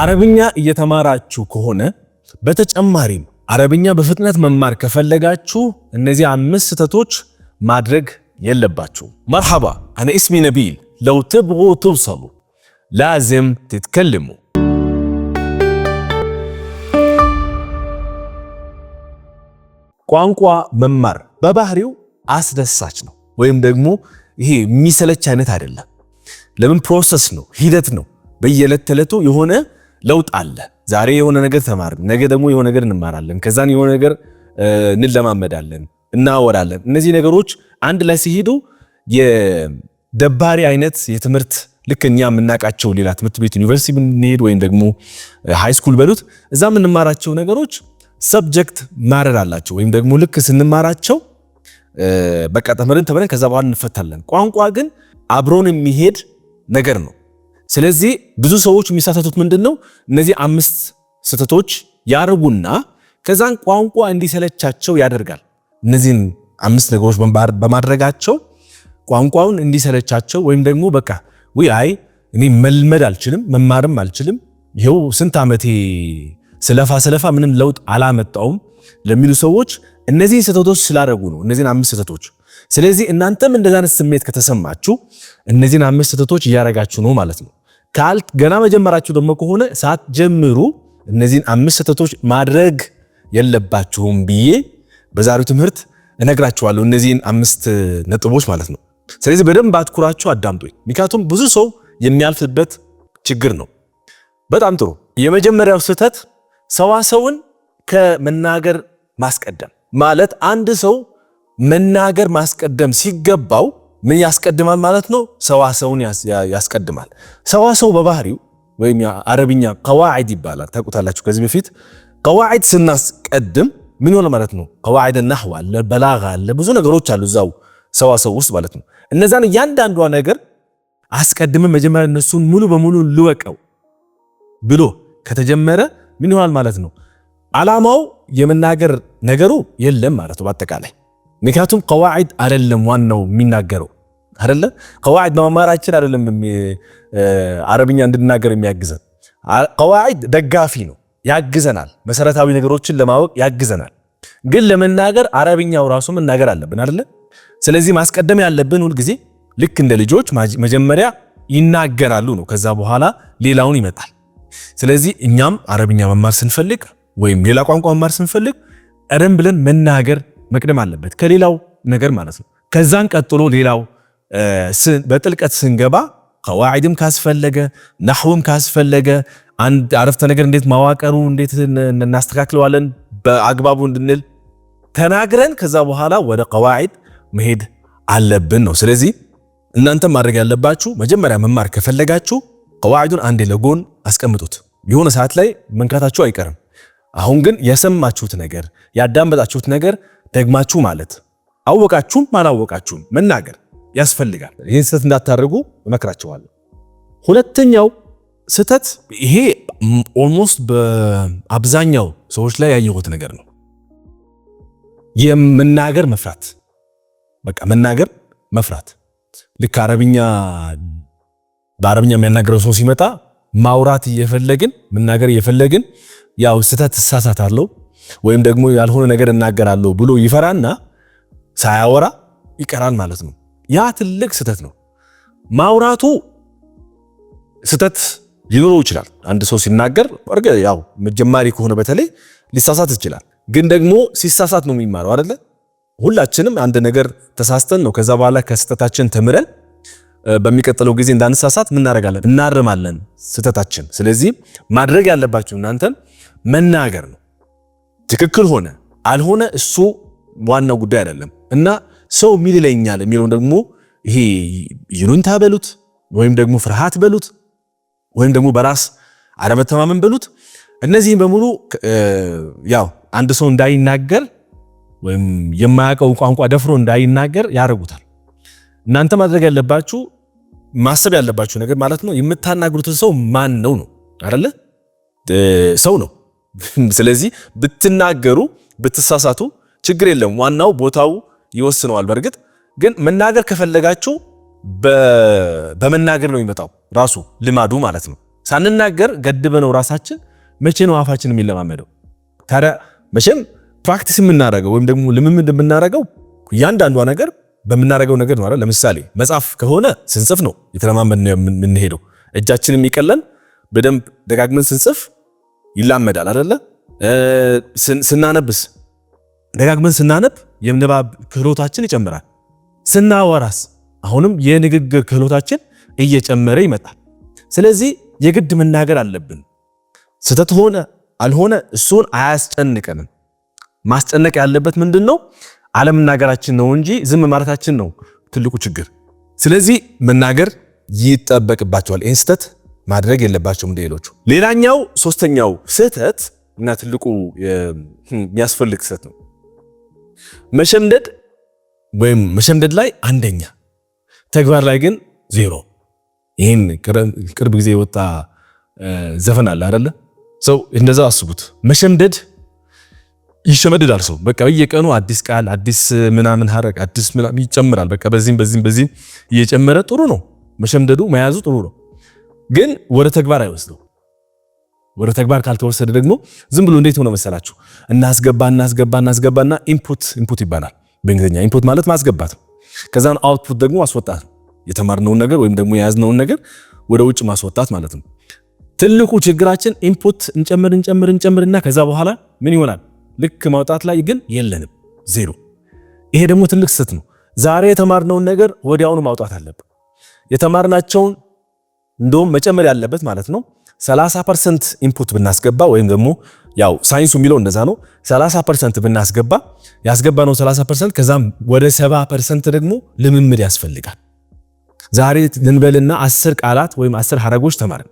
አረብኛ እየተማራችሁ ከሆነ በተጨማሪም አረብኛ በፍጥነት መማር ከፈለጋችሁ እነዚህ አምስት ስህተቶች ማድረግ የለባችሁ። መርሐባ አነ እስሚ ነቢል ለው ትብጉ ትውሰሉ ላዝም ትትከልሙ። ቋንቋ መማር በባህሪው አስደሳች ነው፣ ወይም ደግሞ ይሄ የሚሰለች አይነት አይደለም። ለምን? ፕሮሰስ ነው፣ ሂደት ነው። በየዕለት ተዕለቱ የሆነ ለውጥ አለ። ዛሬ የሆነ ነገር ተማርን፣ ነገ ደግሞ የሆነ ነገር እንማራለን፣ ከዛን የሆነ ነገር እንለማመዳለን፣ እናወራለን። እነዚህ ነገሮች አንድ ላይ ሲሄዱ የደባሪ አይነት የትምህርት ልክ እኛ የምናውቃቸው ሌላ ትምህርት ቤት ዩኒቨርሲቲ ብንሄድ ወይም ደግሞ ስኩል በሉት እዛ የምንማራቸው ነገሮች ሰብጀክት ማረር አላቸው ወይም ደግሞ ልክ ስንማራቸው በቃ ተምረን ተምረን ከዛ በኋላ እንፈታለን። ቋንቋ ግን አብሮን የሚሄድ ነገር ነው። ስለዚህ ብዙ ሰዎች የሚሳተቱት ምንድን ነው? እነዚህ አምስት ስህተቶች ያርጉና ከዛን ቋንቋ እንዲሰለቻቸው ያደርጋል። እነዚህን አምስት ነገሮች በማድረጋቸው ቋንቋውን እንዲሰለቻቸው ወይም ደግሞ በቃ ውይ አይ እኔ መልመድ አልችልም መማርም አልችልም ይኸው ስንት ዓመቴ ስለፋ ስለፋ ምንም ለውጥ አላመጣውም ለሚሉ ሰዎች እነዚህ ስህተቶች ስላደረጉ ነው። እነዚህን አምስት ስህተቶች ስለዚህ እናንተም እንደዛ አይነት ስሜት ከተሰማችሁ እነዚህን አምስት ስህተቶች እያደረጋችሁ ነው ማለት ነው። ካልት ገና መጀመራችሁ ደግሞ ከሆነ ሳትጀምሩ እነዚህን አምስት ስህተቶች ማድረግ የለባችሁም ብዬ በዛሬው ትምህርት እነግራችኋለሁ። እነዚህን አምስት ነጥቦች ማለት ነው። ስለዚህ በደንብ አትኩራችሁ አዳምጡኝ፣ ምክንያቱም ብዙ ሰው የሚያልፍበት ችግር ነው። በጣም ጥሩ። የመጀመሪያው ስህተት ሰዋሰውን ከመናገር ማስቀደም ማለት አንድ ሰው መናገር ማስቀደም ሲገባው ምን ያስቀድማል ማለት ነው? ሰዋሰውን ያስቀድማል። ሰዋሰው በባህሪው ወይም አረብኛ ቀዋዒድ ይባላል። ታውቁታላችሁ። ከዚህ በፊት ቀዋዒድ ስናስቀድም ምን ሆነ ማለት ነው? ቀዋዒድ ናህዋ አለ፣ በላጋ አለ፣ ብዙ ነገሮች አሉ እዛው ሰዋሰው ውስጥ ማለት ነው። እነዛን እያንዳንዷ ነገር አስቀድመ መጀመሪያ እነሱን ሙሉ በሙሉ ልወቀው ብሎ ከተጀመረ ምን ይሆናል ማለት ነው? አላማው የመናገር ነገሩ የለም ማለት ነው በአጠቃላይ። ምክንያቱም ቀዋዒድ አይደለም ዋናው የሚናገረው አይደለ ቀዋዒድ በመማራችን አይደለም አረብኛ እንድናገር የሚያግዘን። ቀዋዒድ ደጋፊ ነው፣ ያግዘናል። መሰረታዊ ነገሮችን ለማወቅ ያግዘናል። ግን ለመናገር አረብኛው ራሱ መናገር አለብን አይደለ። ስለዚህ ማስቀደም ያለብን ሁልጊዜ ልክ እንደ ልጆች መጀመሪያ ይናገራሉ ነው፣ ከዛ በኋላ ሌላውን ይመጣል። ስለዚህ እኛም አረብኛ መማር ስንፈልግ ወይም ሌላ ቋንቋ መማር ስንፈልግ ቀደም ብለን መናገር መቅደም አለበት ከሌላው ነገር ማለት ነው። ከዛን ቀጥሎ ሌላው በጥልቀት ስንገባ ቀዋዒድም ካስፈለገ ናሕውም ካስፈለገ አንድ አረፍተ ነገር እንዴት ማዋቀሩ እንዴት እናስተካክለዋለን በአግባቡ እንድንል ተናግረን ከዛ በኋላ ወደ ቀዋዒድ መሄድ አለብን ነው። ስለዚህ እናንተ ማድረግ ያለባችሁ መጀመሪያ መማር ከፈለጋችሁ ቀዋዒዱን አንዴ ለጎን አስቀምጡት። የሆነ ሰዓት ላይ መንካታችሁ አይቀርም። አሁን ግን የሰማችሁት ነገር ያዳመጣችሁት ነገር ደግማችሁ ማለት አወቃችሁም አላወቃችሁም መናገር ያስፈልጋል። ይህን ስህተት እንዳታደርጉ እመክራችኋለሁ። ሁለተኛው ስህተት ይሄ ኦልሞስት በአብዛኛው ሰዎች ላይ ያየሁት ነገር ነው። የመናገር መፍራት፣ በቃ መናገር መፍራት። ልክ አረብኛ በአረብኛ የሚያናገረው ሰው ሲመጣ ማውራት እየፈለግን መናገር እየፈለግን ያው ስህተት እሳሳታለሁ ወይም ደግሞ ያልሆነ ነገር እናገራለሁ ብሎ ይፈራና ሳያወራ ይቀራል ማለት ነው። ያ ትልቅ ስህተት ነው። ማውራቱ ስህተት ሊኖረው ይችላል። አንድ ሰው ሲናገር እርግ ያው መጀማሪ ከሆነ በተለይ ሊሳሳት ይችላል። ግን ደግሞ ሲሳሳት ነው የሚማረው አይደለ? ሁላችንም አንድ ነገር ተሳስተን ነው ከዛ በኋላ ከስህተታችን ተምረን በሚቀጥለው ጊዜ እንዳንሳሳት ምን እናደርጋለን? እናርማለን ስህተታችን። ስለዚህ ማድረግ ያለባችሁ እናንተን መናገር ነው። ትክክል ሆነ አልሆነ እሱ ዋናው ጉዳይ አይደለም እና ሰው ምን ይለኛል የሚለውን ደግሞ ይሄ ይሉኝታ በሉት ወይም ደግሞ ፍርሃት በሉት ወይም ደግሞ በራስ አለመተማመን በሉት እነዚህም በሙሉ ያው አንድ ሰው እንዳይናገር ወይም የማያውቀው ቋንቋ ደፍሮ እንዳይናገር ያደርጉታል። እናንተ ማድረግ ያለባችሁ ማሰብ ያለባችሁ ነገር ማለት ነው የምታናግሩትን ሰው ማን ነው ነው አይደለ? ሰው ነው። ስለዚህ ብትናገሩ ብትሳሳቱ ችግር የለም ዋናው ቦታው ይወስነዋል። በእርግጥ ግን መናገር ከፈለጋችሁ በመናገር ነው የሚመጣው ራሱ ልማዱ ማለት ነው። ሳንናገር ገድበ ነው ራሳችን መቼ ነው አፋችን የሚለማመደው? ታዲያ መቼም ፕራክቲስ የምናደርገው ወይም ደግሞ ልምምድ የምናደርገው እያንዳንዷ ነገር በምናደርገው ነገር ነው ለምሳሌ መጽሐፍ ከሆነ ስንጽፍ ነው የተለማመድ ነው የምንሄደው። እጃችን የሚቀለን በደንብ ደጋግመን ስንጽፍ ይላመዳል አደለ? ስናነብስ ደጋግመን ስናነብ የንባብ ክህሎታችን ይጨምራል። ስናወራስ አሁንም የንግግር ክህሎታችን እየጨመረ ይመጣል። ስለዚህ የግድ መናገር አለብን። ስህተት ሆነ አልሆነ እሱን አያስጨንቀንም። ማስጨነቅ ያለበት ምንድን ነው? አለመናገራችን ነው እንጂ ዝም ማለታችን ነው ትልቁ ችግር። ስለዚህ መናገር ይጠበቅባቸዋል። ይህን ስህተት ማድረግ የለባቸውም እንደ ሌሎቹ። ሌላኛው ሶስተኛው ስህተት እና ትልቁ የሚያስፈልግ ስህተት ነው መሸምደድ ወይም መሸምደድ ላይ አንደኛ፣ ተግባር ላይ ግን ዜሮ። ይህን ቅርብ ጊዜ የወጣ ዘፈን አለ አደለ? ሰው እንደዛ አስቡት። መሸምደድ ይሸመድዳል ሰው በቃ በየቀኑ አዲስ ቃል አዲስ ምናምን ሀረግ አዲስ ምናምን ይጨምራል። በቃ በዚህም በዚህም በዚህም እየጨመረ ጥሩ ነው መሸምደዱ መያዙ ጥሩ ነው፣ ግን ወደ ተግባር አይወስደው ወደ ተግባር ካልተወሰደ ደግሞ ዝም ብሎ እንዴት ሆነ መሰላችሁ? እናስገባ እናስገባ እናስገባና ኢንፑት ኢንፑት ይባላል በእንግሊዝኛ። ኢንፑት ማለት ማስገባት፣ ከዛን አውትፑት ደግሞ ማስወጣት፣ የተማርነውን ነገር ወይም ደግሞ የያዝነውን ነገር ወደ ውጭ ማስወጣት ማለት ነው። ትልቁ ችግራችን ኢንፑት እንጨምር እንጨምር እንጨምርና ከዛ በኋላ ምን ይሆናል? ልክ ማውጣት ላይ ግን የለንም፣ ዜሮ። ይሄ ደግሞ ትልቅ ስህተት ነው። ዛሬ የተማርነውን ነገር ወዲያውኑ ማውጣት አለብን። የተማርናቸውን እንደውም መጨመር ያለበት ማለት ነው 30 ፐርሰንት ኢንፑት ብናስገባ ወይም ደግሞ ያው ሳይንሱ የሚለው እንደዛ ነው። 30 ፐርሰንት ብናስገባ ያስገባ ነው 30 ፐርሰንት ከዛም ወደ 70 ፐርሰንት ደግሞ ልምምድ ያስፈልጋል። ዛሬ ልንበልና አስር ቃላት ወይም አስር ሀረጎች ተማርን።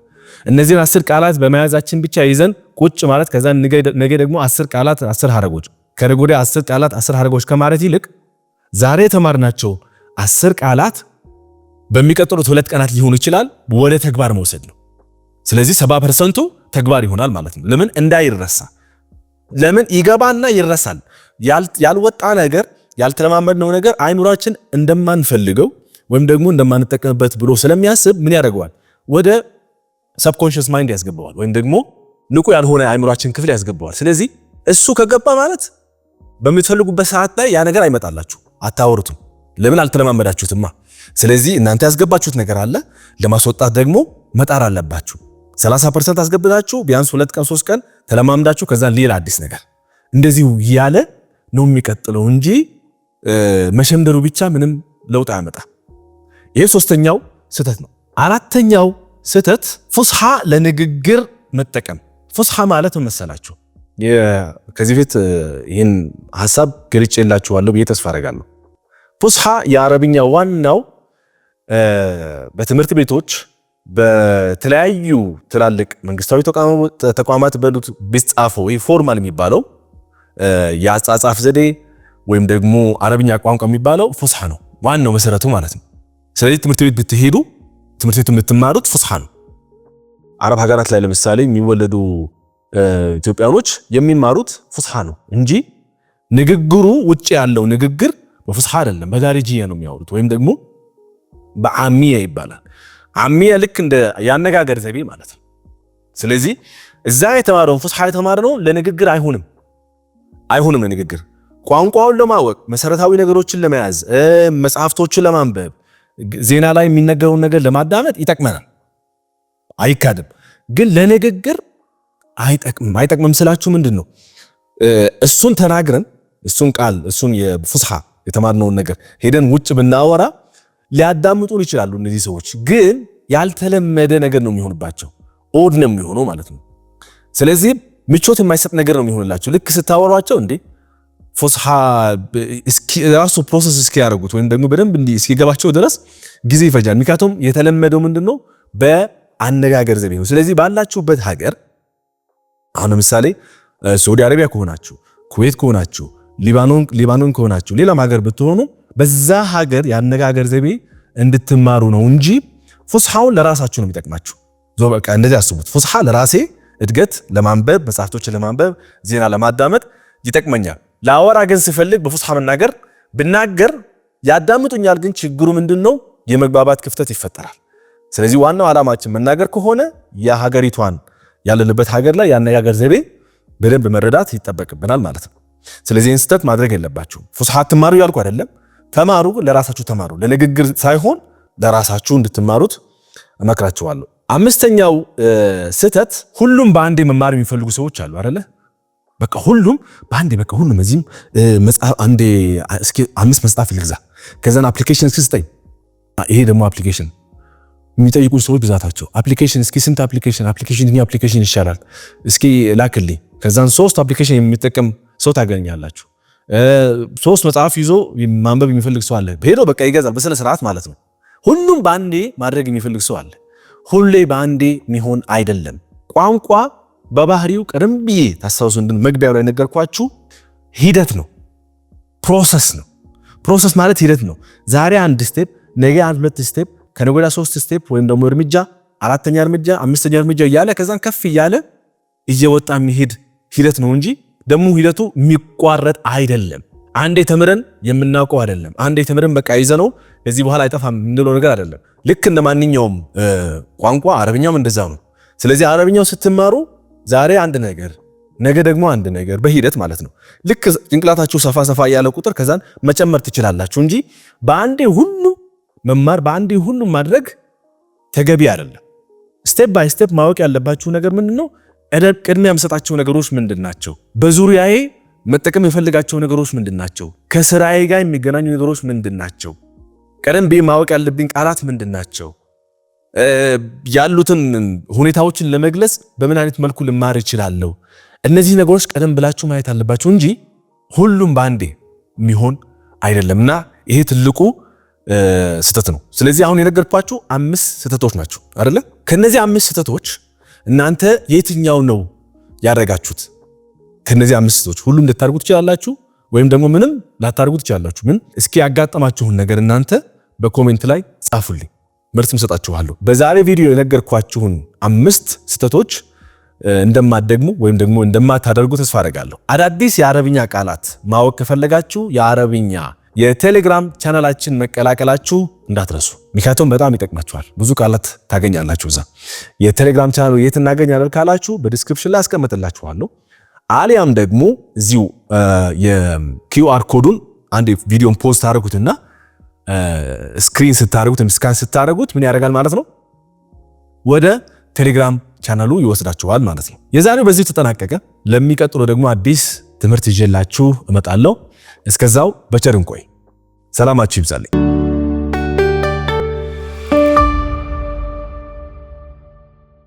እነዚህን አስር ቃላት በመያዛችን ብቻ ይዘን ቁጭ ማለት ከዛ ነገ ደግሞ 10 ቃላት 10 ሀረጎች ከነገ ወዲያ 10 ቃላት 10 ሀረጎች ከማለት ይልቅ ዛሬ የተማርናቸው 10 ቃላት በሚቀጥሉት ሁለት ቀናት ሊሆኑ ይችላል ወደ ተግባር መውሰድ ነው። ስለዚህ ሰባ ፐርሰንቱ ተግባር ይሆናል ማለት ነው። ለምን እንዳይረሳ፣ ለምን ይገባና ይረሳል። ያልወጣ ነገር ያልተለማመድነው ነገር አይኑራችን እንደማንፈልገው ወይም ደግሞ እንደማንጠቀምበት ብሎ ስለሚያስብ ምን ያደርገዋል? ወደ ሰብኮንሽስ ማይንድ ያስገባዋል፣ ወይም ደግሞ ንቁ ያልሆነ አይምሯችን ክፍል ያስገባዋል። ስለዚህ እሱ ከገባ ማለት በምትፈልጉበት ሰዓት ላይ ያ ነገር አይመጣላችሁ፣ አታወሩትም። ለምን አልተለማመዳችሁትማ። ስለዚህ እናንተ ያስገባችሁት ነገር አለ፣ ለማስወጣት ደግሞ መጣር አለባችሁ። 30% አስገብታችሁ ቢያንስ ሁለት ቀን ሶስት ቀን ተለማምዳችሁ ከዛ ሌላ አዲስ ነገር እንደዚሁ ያለ ነው የሚቀጥለው እንጂ መሸምደሩ ብቻ ምንም ለውጥ አያመጣ። ይህ ሶስተኛው ስህተት ነው። አራተኛው ስህተት ፉስሓ ለንግግር መጠቀም። ፉስሓ ማለት መሰላችሁ ከዚህ ፊት ይህን ሀሳብ ገልጬላችኋለሁ ብዬ ተስፋ አደርጋለሁ። ፉስሓ የአረብኛ ዋናው በትምህርት ቤቶች በተለያዩ ትላልቅ መንግስታዊ ተቋማት በሉት ቢጻፈው ወይ ፎርማል የሚባለው የአጻጻፍ ዘዴ ወይም ደግሞ አረብኛ ቋንቋ የሚባለው ፉስሐ ነው፣ ዋናው መሰረቱ ማለት ነው። ስለዚህ ትምህርት ቤት ብትሄዱ ትምህርት ቤቱ የምትማሩት ፉስሐ ነው። አረብ ሀገራት ላይ ለምሳሌ የሚወለዱ ኢትዮጵያኖች የሚማሩት ፉስሐ ነው እንጂ ንግግሩ ውጭ ያለው ንግግር በፉስሐ አይደለም፣ በዳሪጅያ ነው የሚያወሩት ወይም ደግሞ በአሚያ ይባላል። አሚያ ልክ እንደ ያነጋገር ዘይቤ ማለት ነው። ስለዚህ እዛ የተማረውን ፉስሓ የተማረ ነው ለንግግር አይሆንም፣ አይሆንም ለንግግር ቋንቋውን ለማወቅ መሰረታዊ ነገሮችን ለመያዝ መጽሐፍቶችን ለማንበብ ዜና ላይ የሚነገረውን ነገር ለማዳመጥ ይጠቅመናል፣ አይካድም። ግን ለንግግር አይጠቅምም። አይጠቅምም ስላችሁ ምንድን ነው እሱን ተናግረን እሱን ቃል እሱን የፉስሓ የተማርነውን ነገር ሄደን ውጭ ብናወራ ሊያዳምጡን ይችላሉ። እነዚህ ሰዎች ግን ያልተለመደ ነገር ነው የሚሆንባቸው፣ ኦድ ነው የሚሆነው ማለት ነው። ስለዚህ ምቾት የማይሰጥ ነገር ነው የሚሆንላቸው። ልክ ስታወሯቸው እንዴ ፎስሓ ራሱ ፕሮሰስ እስኪያደርጉት ወይም ደግሞ በደንብ እንዲህ እስኪገባቸው ድረስ ጊዜ ይፈጃል። ምክንያቱም የተለመደው ምንድን ነው በአነጋገር ዘቤ ነው። ስለዚህ ባላችሁበት ሀገር አሁን ለምሳሌ ሳውዲ አረቢያ ከሆናችሁ፣ ኩዌት ከሆናችሁ፣ ሊባኖን ከሆናችሁ፣ ሌላም ሀገር ብትሆኑ በዛ ሀገር የአነጋገር ዘይቤ እንድትማሩ ነው እንጂ ፉስሓውን ለራሳችሁ ነው የሚጠቅማችሁ። በቃ እንደዚህ አስቡት። ፉስሓ ለራሴ እድገት ለማንበብ መጽሐፍቶችን ለማንበብ ዜና ለማዳመጥ ይጠቅመኛል። ለአወራ ግን ስፈልግ በፉስሓ መናገር ብናገር ያዳምጡኛል፣ ግን ችግሩ ምንድን ነው? የመግባባት ክፍተት ይፈጠራል። ስለዚህ ዋናው ዓላማችን መናገር ከሆነ የሀገሪቷን ያለንበት ሀገር ላይ የአነጋገር ዘይቤ በደንብ መረዳት ይጠበቅብናል ማለት ነው። ስለዚህ ስተት ማድረግ የለባችሁም። ፉስሓ አትማሩ ያልኩ አይደለም ተማሩ፣ ለራሳችሁ ተማሩ። ለንግግር ሳይሆን ለራሳችሁ እንድትማሩት እመክራችኋለሁ። አምስተኛው ስህተት ሁሉም በአንዴ መማር የሚፈልጉ ሰዎች አሉ አይደለ? በቃ ሁሉም በአንዴ በቃ ሁሉም እዚህም አንዴ እስኪ አምስት መጽሐፍ ልግዛ፣ ከዛን አፕሊኬሽን እስኪ ስጠኝ። ይሄ ደግሞ አፕሊኬሽን የሚጠይቁ ሰዎች ብዛታቸው አፕሊኬሽን እስኪ ስንት አፕሊኬሽን አፕሊኬሽን ይሄ አፕሊኬሽን ይሻላል እስኪ ላክልኝ። ከዛን ሶስት አፕሊኬሽን የሚጠቀም ሰው ታገኛላችሁ። ሶስት መጽሐፍ ይዞ ማንበብ የሚፈልግ ሰው አለ። ሄዶ በቃ ይገዛል በስነ ስርዓት ማለት ነው። ሁሉም በአንዴ ማድረግ የሚፈልግ ሰው አለ። ሁሌ በአንዴ ሚሆን አይደለም። ቋንቋ በባህሪው ቀደም ብዬ ታስታውሱ እንድን መግቢያው ላይ ነገርኳችሁ፣ ሂደት ነው፣ ፕሮሰስ ነው። ፕሮሰስ ማለት ሂደት ነው። ዛሬ አንድ ስቴፕ፣ ነገ አንድ ሁለት ስቴፕ፣ ከነገ ወዲያ ሶስት ስቴፕ ወይም ደግሞ እርምጃ፣ አራተኛ እርምጃ፣ አምስተኛ እርምጃ እያለ ከዛን ከፍ እያለ እየወጣ የሚሄድ ሂደት ነው እንጂ ደግሞ ሂደቱ የሚቋረጥ አይደለም። አንዴ ተምረን የምናውቀው አይደለም። አንዴ ተምረን በቃ ይዘ ነው ከዚህ በኋላ አይጠፋም የምንለው ነገር አይደለም። ልክ እንደ ማንኛውም ቋንቋ አረብኛም እንደዛ ነው። ስለዚህ አረብኛው ስትማሩ ዛሬ አንድ ነገር ነገ ደግሞ አንድ ነገር በሂደት ማለት ነው። ልክ ጭንቅላታችሁ ሰፋ ሰፋ ያለ ቁጥር ከዛን መጨመር ትችላላችሁ እንጂ በአንዴ ሁሉ መማር በአንዴ ሁሉ ማድረግ ተገቢ አይደለም። ስቴፕ ባይ ስቴፕ ማወቅ ያለባችሁ ነገር ምንድን ነው? ቅድሚያ የምሰጣቸው ነገሮች ምንድን ናቸው? በዙሪያዬ መጠቀም የፈልጋቸው ነገሮች ምንድን ናቸው? ከስራዬ ጋር የሚገናኙ ነገሮች ምንድን ናቸው? ቀደም ብዬ ማወቅ ያለብኝ ቃላት ምንድን ናቸው? ያሉትን ሁኔታዎችን ለመግለጽ በምን አይነት መልኩ ልማር እችላለሁ? እነዚህ ነገሮች ቀደም ብላችሁ ማየት አለባችሁ እንጂ ሁሉም በአንዴ የሚሆን አይደለም እና ይሄ ትልቁ ስህተት ነው። ስለዚህ አሁን የነገርኳችሁ አምስት ስህተቶች ናቸው አይደለ? ከነዚህ አምስት ስህተቶች እናንተ የትኛው ነው ያደረጋችሁት? ከነዚህ አምስቶች ሁሉም ልታደርጉ ትችላላችሁ፣ ወይም ደግሞ ምንም ላታደርጉ ትችላላችሁ። ምን እስኪ ያጋጠማችሁን ነገር እናንተ በኮሜንት ላይ ጻፉልኝ፣ መልስም ሰጣችኋለሁ። በዛሬ ቪዲዮ የነገርኳችሁን አምስት ስህተቶች እንደማትደግሙ ወይም ደግሞ እንደማታደርጉ ተስፋ አደርጋለሁ። አዳዲስ የአረብኛ ቃላት ማወቅ ከፈለጋችሁ የአረብኛ የቴሌግራም ቻናላችን መቀላቀላችሁ እንዳትረሱ፣ ምክንያቱም በጣም ይጠቅማችኋል። ብዙ ቃላት ታገኛላችሁ እዛ። የቴሌግራም ቻናሉ የት እናገኛለን ካላችሁ በዲስክሪፕሽን ላይ አስቀምጥላችኋለሁ። አሊያም ደግሞ እዚሁ የኪውአር ኮዱን አንድ ቪዲዮን ፖስት አድርጉትና ስክሪን ስታደርጉት ስካን ስታደርጉት ምን ያደርጋል ማለት ነው ወደ ቴሌግራም ቻናሉ ይወስዳችኋል ማለት ነው። የዛሬው በዚህ ተጠናቀቀ። ለሚቀጥለው ደግሞ አዲስ ትምህርት ይዤላችሁ እመጣለሁ። እስከዛው በቸር እንቆይ። ሰላማችሁ ይብዛልኝ።